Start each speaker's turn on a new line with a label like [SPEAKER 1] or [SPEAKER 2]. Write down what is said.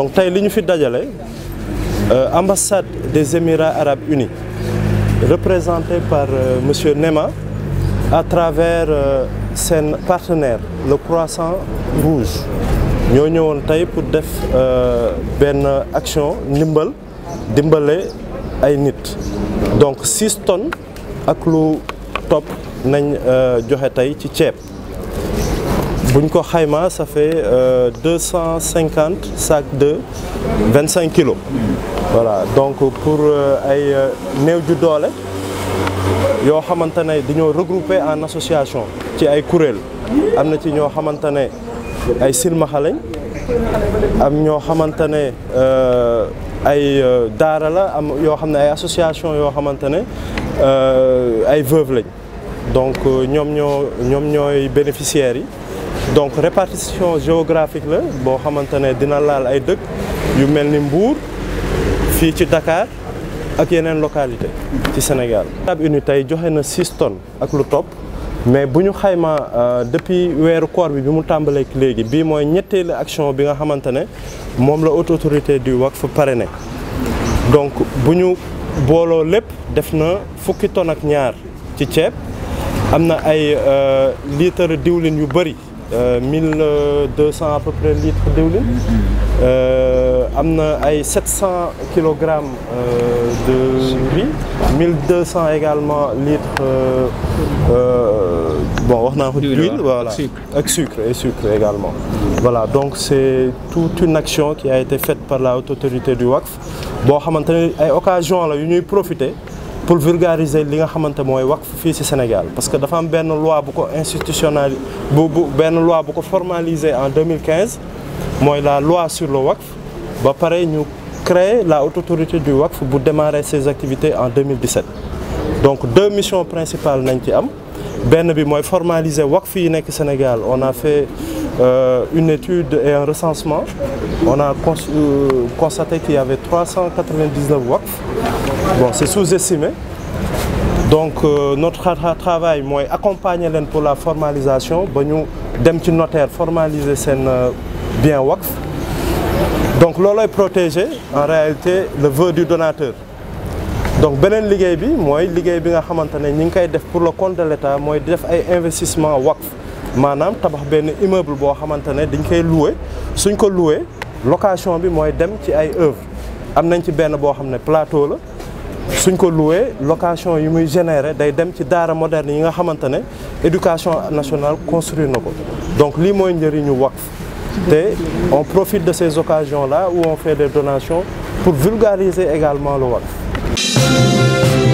[SPEAKER 1] donc tey li ñu fi dajale euh, ambassade des Émirats arabes unis représenté par euh, monsieur Nema à travers euh, seen partenaire le Croissant Rouge ñoo ñëwoon tey pour def euh, benn action ndimbal dimbale ay nit donc six tonnes ak lu topp nañ euh, joxe tey ci ceeb buñ ko xayma ça fait euh, deux cent cinquante sacs de vingt cinq kilos voilà donc pour euh, ay euh, néew ju doole yoo xamante ne dañoo regroupé en association ci ay kuréel am na ci ñoo xamante ne ay silmaxa lañ am ñoo xamante ne ay daara la am yoo xam ne ay association yoo xamante ne ay veuve lañ donc ñoom ñoo ñoom ñooy bénéficiaire yi donc répartition géographique la boo xamante ne dina laal ay dëkk yu mel ni mbuur fii ci Dakar ak yeneen localité ci Sénégal. Sicap tey joxe na six tonnes ak lu topp mais bu ñu xaymaa euh, depuis weeru koor bi bi mu tàmbalee léegi bii mooy ñetteelu action bi nga xamante ne moom la haute autorité fu pare parrainé donc bu ñu booloo lépp def na fukki ton ak ñaar ci ceeb am na ay euh, litre diwlin yu bëri. Euh, mille deux cent à peu près litres euh, am na ay sept cent kilogrammes euh, de riz mille deux cent également litres bon wax naa ko d'huile voilà ak sucre et sucre également voilà donc c'est tout une action qui a été faite par la haute autorité du WACF boo xamante ne ay occasion la yu ñuy profiter pour vulgariser li nga xamante mooy wax fii ci Sénégal parce que dafa am benn loi bu ko institutionnel bu bu benn loi bu ko formaliser en 2015 mooy la loi sur le waqf ba pare ñu créer la haute autorité du waqf bu démarrer ses activités en 2017. donc deux missions principales nañ ci am benn bi mooy formaliser waqf fii nekk Sénégal on a fait. euh, une étude et un recensement, on a cons euh, constaté qu'il y avait 399 WAF. Bon, c'est sous-estimé. donc euh, notre travail mooy accompagner leen pour la formalisation ba ñu dem ci notaire formaliser seen euh, bien waqf donc loolooy protéger en réalité le vœu du donateur donc beneen liggéey bi mooy liggéey bi nga xamante ne ñi ngi koy def pour le compte de l'État mooy def ay investissement waqf maanaam tabax benn immeuble boo xamante ne dañ koy louer suñ ko louer location bi mooy dem ci ay œuvre am nañ ci benn boo xam ne plateau la suñ ko louer location yi muy générer day dem ci daara moderne yi nga xamante ne éducation nationale construire na ko donc lii mooy njëriñu waqf te on profite de ces occasions la où on fait des donation pour vulgariser également le waqf